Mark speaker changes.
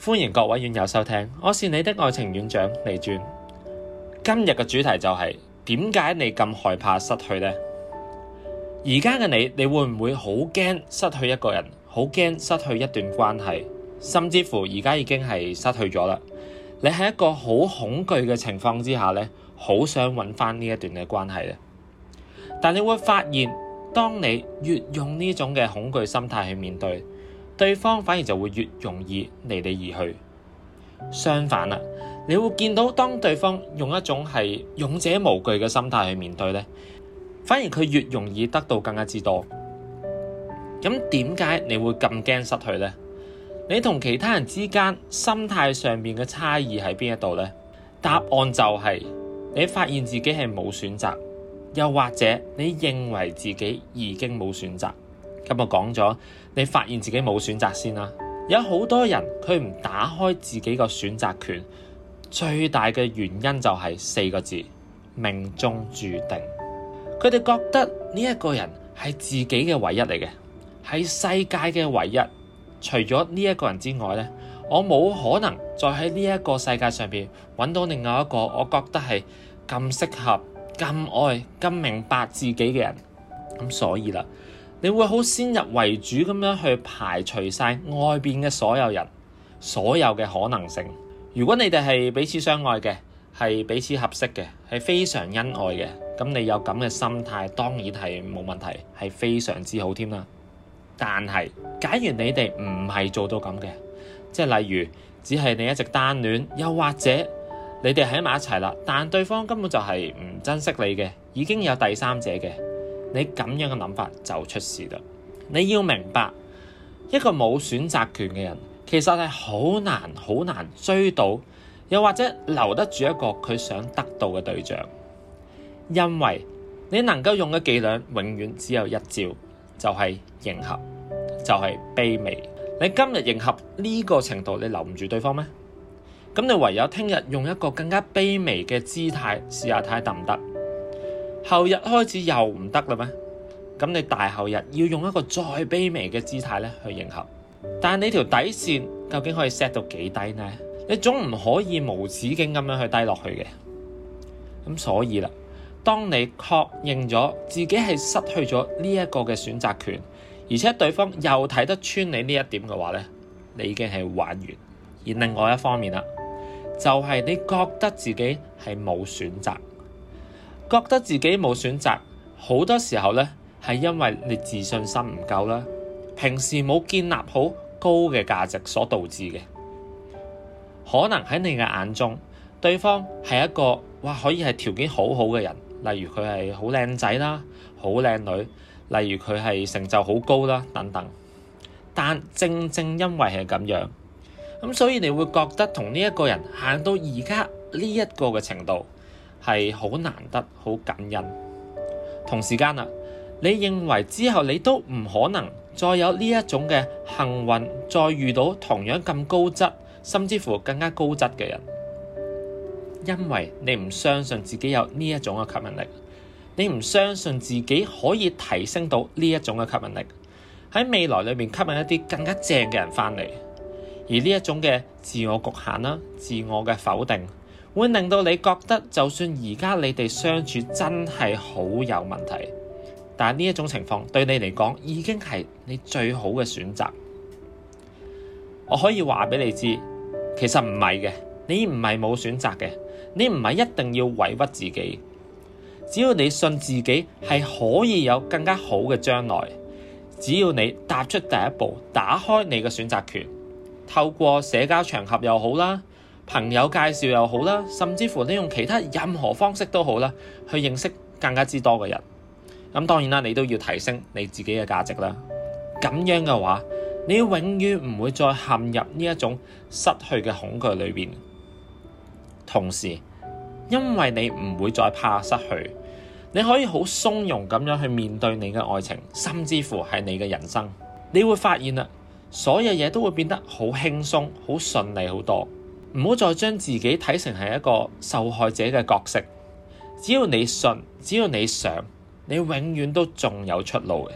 Speaker 1: 歡迎各位網友收聽，我是你的愛情院長李專。今日嘅主題就係點解你咁害怕失去呢？而家嘅你，你會唔會好驚失去一個人？好驚失去一段關係，甚至乎而家已經係失去咗啦。你喺一個好恐懼嘅情況之下呢，好想揾翻呢一段嘅關係啊，但你會發現。當你越用呢種嘅恐懼心態去面對對方，反而就會越容易離你而去。相反啦，你會見到當對方用一種係勇者無懼嘅心態去面對呢，反而佢越容易得到更加之多。咁點解你會咁驚失去呢？你同其他人之間心態上面嘅差異喺邊一度呢？答案就係你發現自己係冇選擇。又或者你認為自己已經冇選擇？今日講咗，你發現自己冇選擇先啦。有好多人佢唔打開自己個選擇權，最大嘅原因就係四個字，命中注定。佢哋覺得呢一個人係自己嘅唯一嚟嘅，係世界嘅唯一。除咗呢一個人之外呢，我冇可能再喺呢一個世界上邊揾到另外一個，我覺得係咁適合咁愛、咁明白自己嘅人，咁所以啦，你會好先入為主咁樣去排除晒外邊嘅所有人、所有嘅可能性。如果你哋係彼此相愛嘅，係彼此合適嘅，係非常恩愛嘅，咁你有咁嘅心態，當然係冇問題，係非常之好添啦。但係，假如你哋唔係做到咁嘅，即係例如，只係你一直單戀，又或者。你哋喺埋一齊啦，但對方根本就係唔珍惜你嘅，已經有第三者嘅，你咁樣嘅諗法就出事啦。你要明白，一個冇選擇權嘅人，其實係好難好難追到，又或者留得住一個佢想得到嘅對象，因為你能夠用嘅伎倆，永遠只有一招，就係迎合，就係卑微。你今日迎合呢個程度，你留唔住對方咩？咁你唯有聽日用一個更加卑微嘅姿態試下睇得唔得，後日開始又唔得嘞咩？咁你大後日要用一個再卑微嘅姿態咧去迎合，但係你條底線究竟可以 set 到幾低呢？你總唔可以無止境咁樣去低落去嘅。咁所以啦，當你確認咗自己係失去咗呢一個嘅選擇權，而且對方又睇得穿你呢一點嘅話咧，你已經係玩完。而另外一方面啦。就係你覺得自己係冇選擇，覺得自己冇選擇，好多時候呢，係因為你自信心唔夠啦，平時冇建立好高嘅價值所導致嘅，可能喺你嘅眼中，對方係一個哇可以係條件好好嘅人，例如佢係好靚仔啦，好靚女，例如佢係成就好高啦等等，但正正因為係咁樣。咁所以你會覺得同呢一個人行到而家呢一個嘅程度係好難得、好感恩。同時間啊，你認為之後你都唔可能再有呢一種嘅幸運，再遇到同樣咁高質，甚至乎更加高質嘅人，因為你唔相信自己有呢一種嘅吸引力，你唔相信自己可以提升到呢一種嘅吸引力，喺未來裏面吸引一啲更加正嘅人翻嚟。而呢一種嘅自我局限啦，自我嘅否定，會令到你覺得，就算而家你哋相處真係好有問題，但呢一種情況對你嚟講已經係你最好嘅選擇。我可以話俾你知，其實唔係嘅，你唔係冇選擇嘅，你唔係一定要委屈自己。只要你信自己係可以有更加好嘅將來，只要你踏出第一步，打開你嘅選擇權。透過社交場合又好啦，朋友介紹又好啦，甚至乎你用其他任何方式都好啦，去認識更加之多嘅人。咁當然啦，你都要提升你自己嘅價值啦。咁樣嘅話，你永遠唔會再陷入呢一種失去嘅恐懼裏邊。同時，因為你唔會再怕失去，你可以好從容咁樣去面對你嘅愛情，甚至乎係你嘅人生，你會發現啦。所有嘢都會變得好輕鬆、好順利好多，唔好再將自己睇成係一個受害者嘅角色。只要你信，只要你想，你永遠都仲有出路嘅。